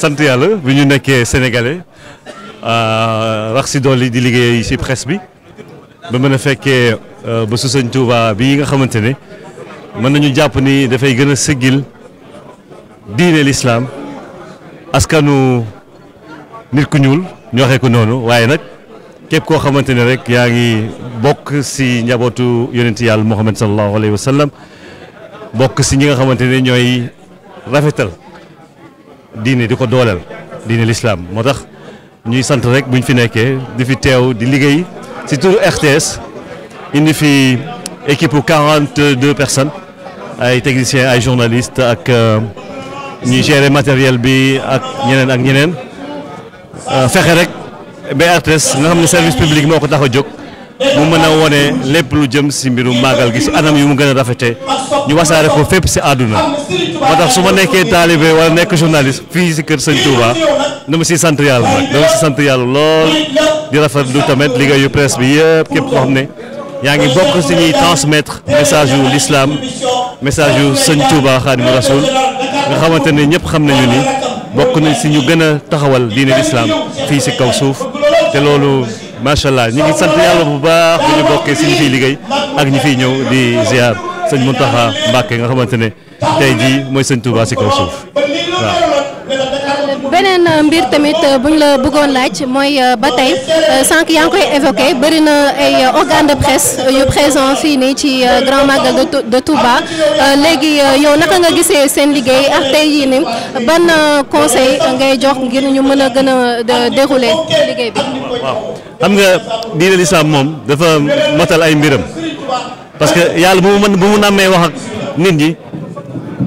sant yàlla bi ñu nekkee sénégalais euh, rax si dolli di liggéey si presse bi ba mën a fekkee euh, ba su sëñ Touba bii nga xamante ne mën nañu jàpp ni dafay gën a sëggil diine lislaam askanu nit ku ñuul ñu waxee ko noonu waaye nag képp koo xamante ne rek yaa ngi bokk si njabootu yonent yàlla Muhammad sallallahu alayhi wa sallam bokk si ñi nga xamante ne ñooy rafetal. diine diko dolal dooleel l'islam motax ñuy sant rek buñ fi nekkee di fi teew di liggéey ci tour RTS indi fi équipe bu 42 personnes ay techniciens ay journalistes ak euh, ñi gérer matériel bi ak ñeneen ak ñeneen euh, fexé rek ba RTS nga xam service public moko taxo tax mu mën a wone lépp lu jëm si mbiru magal gi si anam yu mu gën a rafete ñu wasaare ko fépp si àdduna moo tax su ma nekkee taalibe wala nekk journaliste fii si kër sëñ Touba dama si sant yàlla nag sant yàlla lool di rafet rafetlu tamit liggéeyu presse bi yëpp képp koo xam ne yaa ngi bokk si ñuy transmettre message yu lislaam message yu sëñ Touba Xaadimu Rasul nga xamante ne ñëpp xam nañu ni bokk nañ si ñu gën a taxawal diine l'islam fii si kaw suuf te loolu macha allah ñu ngi sant yàlla bu baax bu ñu bokkee si ñu fiy liggéey ak ñi fiy ñëw di ziar sëñ Mountakha Mbacké nga xamante ne tey jii mooy sëñ Touba si kaw suuf waaw. beneen euh, mbir tamit euh, bu la bëggoon laaj mooy euh, ba tey sànq yaa ngi koy évoqué bëri na ay organe de presse yu présent fii nii ci grand magal de Touba léegi yow naka nga gisee seen liggéey ak tey yii nii ban conseil ngay jox ngir ñu mën a gën a dérouler liggéey bi. xam nga diine lislaam moom dafa matal ay mbiram parce que yàlla bu mu mën bu mu nàmmee wax ak nit ñi.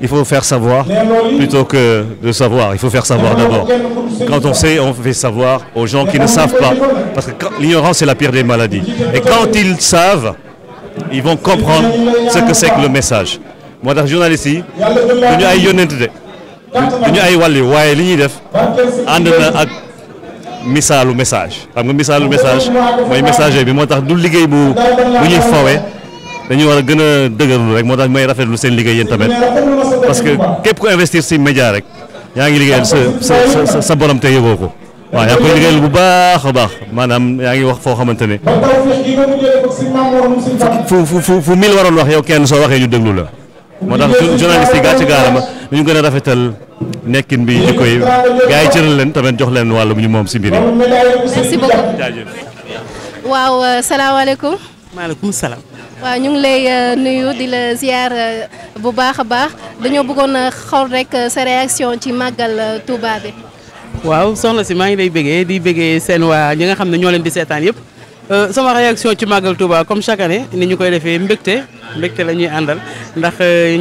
il faut faire savoir plutôt que de savoir. Il faut faire savoir d'abord. Quand on sait, on fait savoir aux gens qui ne savent pas. Parce que l'ignorance est la pire des maladies. Et quand ils savent, ils vont comprendre ce que c'est que le message. Moi, je suis journaliste. Yonetide. Je suis journaliste. Iwali. Je suis journaliste. Iwali. Je suis à le message. Je suis message. Je suis à Je suis journaliste. Iwali. Je suis à Iwali. Je suis à Je suis à Iwali. Je suis à Je suis à Iwali. Je suis à Je suis à Iwali. Je suis à Je suis à Iwali. Je suis à Je suis à Iwali. Je suis à Je suis à Iwali. Je suis à Je suis à Iwali. Je suis à Je suis à Iwali. Je suis à Je suis à Iwali. Je suis à Je suis à Iwali. Je suis à Je suis à Iwali. Je suis à Je suis à Iwali. Je suis à Je suis à Iwali. Je suis à Je suis à Iwali. Je suis à Je suis à Iwali. Je Je suis à Iwali. Je Je suis à Iwali. Je Je suis à Iwali parce que képp ku investir si média rek yaa ngi liggéeyal sa sa sa borom te ko waaw yaa ngi koy bu baax a baax maanaam yaa ngi wax foo xamante ne fu fu fu fu mil waroon wax yow kenn soo waxee ñu déglu la moo tax journaliste yi gàcce gaalama ñu gën a rafetal nekkin bi di koy gars yi cëral leen tamit jox leen wàllu bu ñu moom si mbir yi. merci beaucoup jaajëf waaw euh, maaleykum salaam. waaw ñu ngi lay euh, nuyu di la ziar euh, bu baax a baax dañoo bëggoon a xool rek euh, sa réaction ci màggal Touba bi. waaw soxna si maa ngi lay béggee di béggee seen waa ñi nga xam ne ñoo leen di seetaan yëpp sama réaction ci màggal Touba comme chaque année ni ñu koy defee mbégte mbégte la ñuy àndal ndax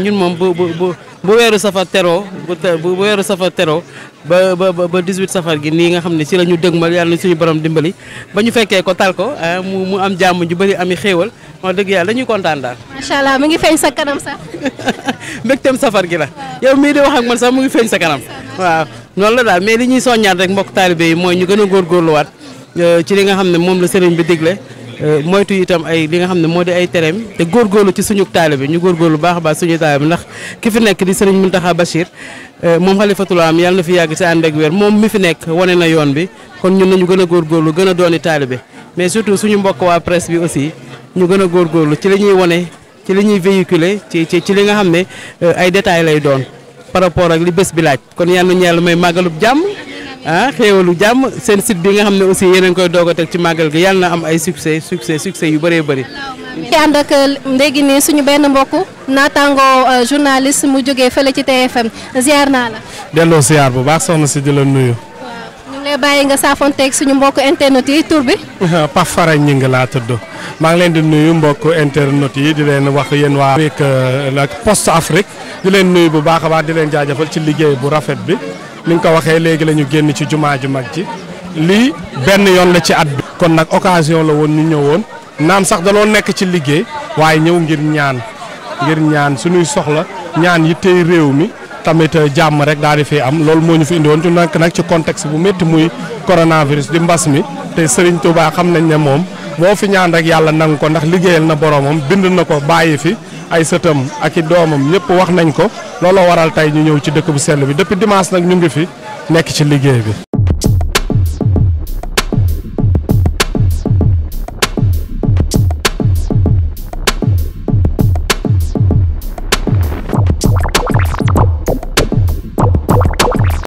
ñun moom bu bu bu weeru safar teroo bu bu weeru safa teroo ba ba ba 18 safar gi ni nga xamne ci lañu deugmal yalla suñu borom dimbali bañu fekke ko talko ah, mu mu am jamm ju bari ami xewal wax deug yalla ñu contane dal ma Allah mi ngi feñ sa kanam sa mbektem safar gi la yow mi di wax ak man sa mu ngi feñ sa kanam waaw non la dal mais li ñuy soñaat rek mbokk talibé moy ñu gëna gor gor lu wat euh, ci li nga xamne mom la serigne bi diglé Euh, moytu itam ay li nga xam ne moo di ay tereem te góorgóorlu ci suñu taalibe ñu góorgóorlu baax a suñu taalibe ndax ki fi nekk di sëriñ Mountakha Bachir euh, moom na fi yàgg si ànd ak wér moom mi fi nekk wane na yoon bi kon ñun nañu gën a góorgóorlu gën a dooni taalibe mais surtout suñu mbokk waa presse bi aussi ñu gën a góorgóorlu ci li ñuy wane ci li ñuy ci ci li nga xam ne euh, ay détails lay doon par rapport ak li bés bi laaj kon yàlla nañu yàlla may màggalub jàmm ah xéewalu jàmm seen site bi nga xam ne aussi yéen a koy doog a teg ci màggal gi yàlla na am ay succès succès succès yu bëree bëri. ki ànd ak léegi euh, nii suñu benn mbokk naataango euh, journaliste mu jógee fële ci TFM ziar naa la. delloo ziar bu baax soxna si di la nuyu. ngi lay bàyyi nga saafonteeg suñu mbokk internet yi tur bi. Pape ñi ngi laa tudd maa ngi leen di nuyu mbokk internet yi di leen wax yéen waa. ak euh, Post Afrique di leen nuyu bu baax a baax di leen jaajafal ci liggéey bu rafet bi ni nga ko waxee léegi la ñu génn ci jumaa ju mag ji lii benn yoon la ci at bi. kon nag occasion la woon ñu ñëwoon naam sax danoo nekk ci liggéey waaye ñëw ngir ñaan ngir ñaan suñuy soxla ñaan yi tey réew mi. tamit euh, jàmm rek daal di fi am loolu moo ñu fi woon ci nak nag ci contexte bu métti muy coronavirus di mbas mi te Serigne Touba xam nañ ne moom moo fi ñaan rek yàlla nangu ko ndax liggéeyal na boromam bind na ko bàyyi fi ay sëtam ak i doomam ñëpp wax nañ ko looloo waral tey ñu ñëw ci dëkk bu sell bi depuis dimanche nag ñu ngi fi nekk ci liggéey bi.